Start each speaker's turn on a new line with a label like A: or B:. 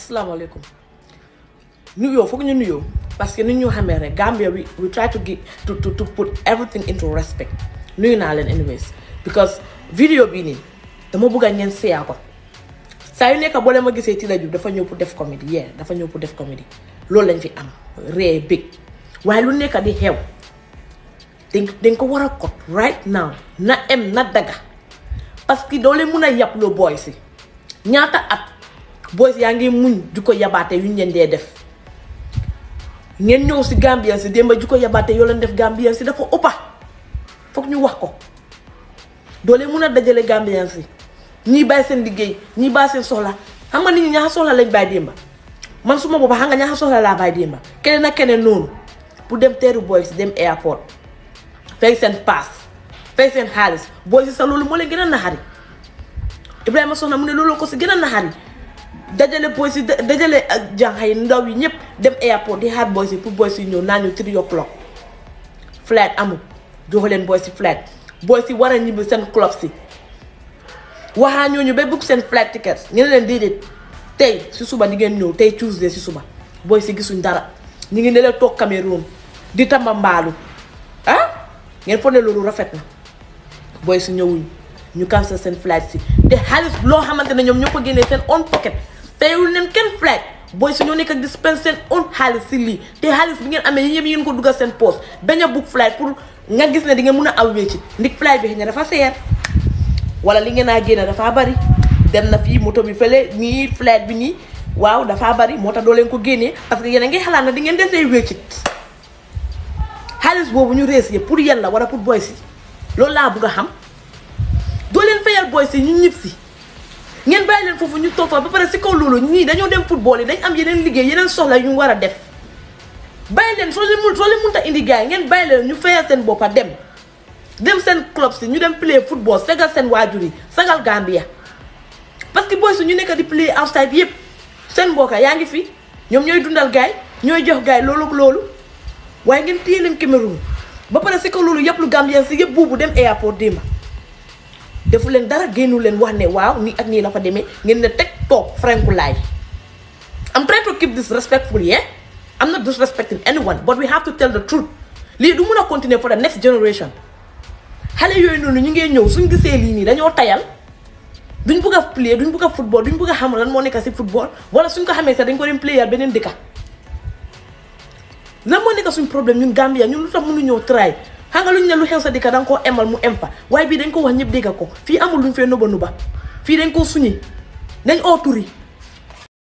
A: asalaamaaleykum nuyoo foog ñu nuyoo parce que ni ñu xamee rek Gambia we we try to get to to to put everything into respect nuyu naa leen anyways because vidéo bii nii dama bëgg a ngeen seeyaa ko saa yu nekk boo ma gisee Tida Joob dafa ñëw pour def comédie yeah dafa ñëw pour def comédie loolu lañ fi am ree bég waaye lu nekk di xew dañ dañ ko war a kot right now na em na daga parce que doo leen mun a yàpp loo booy si ñaata at boys yaa ngi muñ ju ko yabaate yu ñu leen dee def ngeen ñëw si Gambien si démba ju ko yabaate yoo leen def Gambien si dafa ëppa foog ñu wax ko doole mun a dajale Gambien si ñii bàyyi seen liggéey ñii bàyyi seen soxla xam nga nit ñi ñaxa soxla lañ bàyyi démba man suma booba xam nga ñaxa soxla laa bàyyi démba keneen ak keneen noonu pour dem teeru boys dem airport fay seen paas fay seen xaalis boys si sax loolu moo leen gën a naxari Ibrahima soxna mu ne loolu ko si gën a naxari dajale boys si dajale ak jànq yi ndaw yi ñëpp dem airport di xaar boys si pour boys si ñëw naa ñu three o'clock flight amul jox leen boys si flight boys yi war a ñibbi seen club si waxaa ñooñu ba book seen flight ticket ñu ne leen déedéet tey si suba di ngeen ñëw tey Tuesday si suba boys si gisuñ dara ñu ngi ne leen toog Cameroun di tamba mbaalu ah ngeen foog ne loolu rafet na boy yi ñëwuñu ñu cancel seen flight si te xaalis loo xamante ne ñoom ñoo ko génnee seen own pocket teyul neen kenn flight booy su ñoo nekk ak dispense seen own xaalis si lii te xaalis bi ngeen amee yéen yéen ko dugal seen poche bañ a book flight pour nga gis ne di ngeen mun a awwee ci ndig flight bi xëy na dafa seer wala li ngeen a génne dafa bari dem na fii moto bi fële ñii flight bi nii waaw dafa bari moo tax doo leen ko génnee parce que yéen a ngi xalaat na di ngeen desee wéccit xaalis boobu ñu rees yëpp pour yàlla wala pour boy si loolu laa bëgg xam doo leen fayal booy si ñu ñib si ngeen bàyyi leen foofu ñu toog fa ba pare si kaw loolu ñii dañoo dem football yi dañ am yeneen liggéey yeneen soxla yu ñu war a def bàyyi leen soo leen mun soo leen munta indi gars ngeen bàyyi leen ñu fayal seen boppa dem dem seen club si ñu dem play football sagal seen waajur yi sagal Gambia parce que booy su ñu nekk di play outside yëpp seen mbokka yaa ngi fi ñoom ñooy dundal gaay ñooy jox gaay loolu loolu waaye ngeen téye leen Cameroun ba pare si ko loolu yëpp lu Gambien si yëpp buubu dem airport démba defu leen dara génnu leen wax ne waaw ni ak nii la fa demee ngeen ne teg toog frankulaay I'm trying to keep this respectful yeah I'm not disrespecting anyone but we have to tell the truth lii du mun a continuer for the next generation xale yooyu noonu ñu ngee ñëw suñ gisee lii nii dañoo tayal duñ bëgg a play duñ bëgg a football duñ bëgg a xam lan moo nekk si football wala suñ ko xamee sax dañ ko dem player beneen dëkka lan moo nekk suñ problème ñun Gambia ñun lu tax mënu ñëw try xam nga lu ñu ne lu xew sa dikka da nga koo emal mu em fa waaye bii dañ ko wax ñëpp dégg ko fii amul luñ fee nuba nuba fii dañ koo suñi dañ oo turi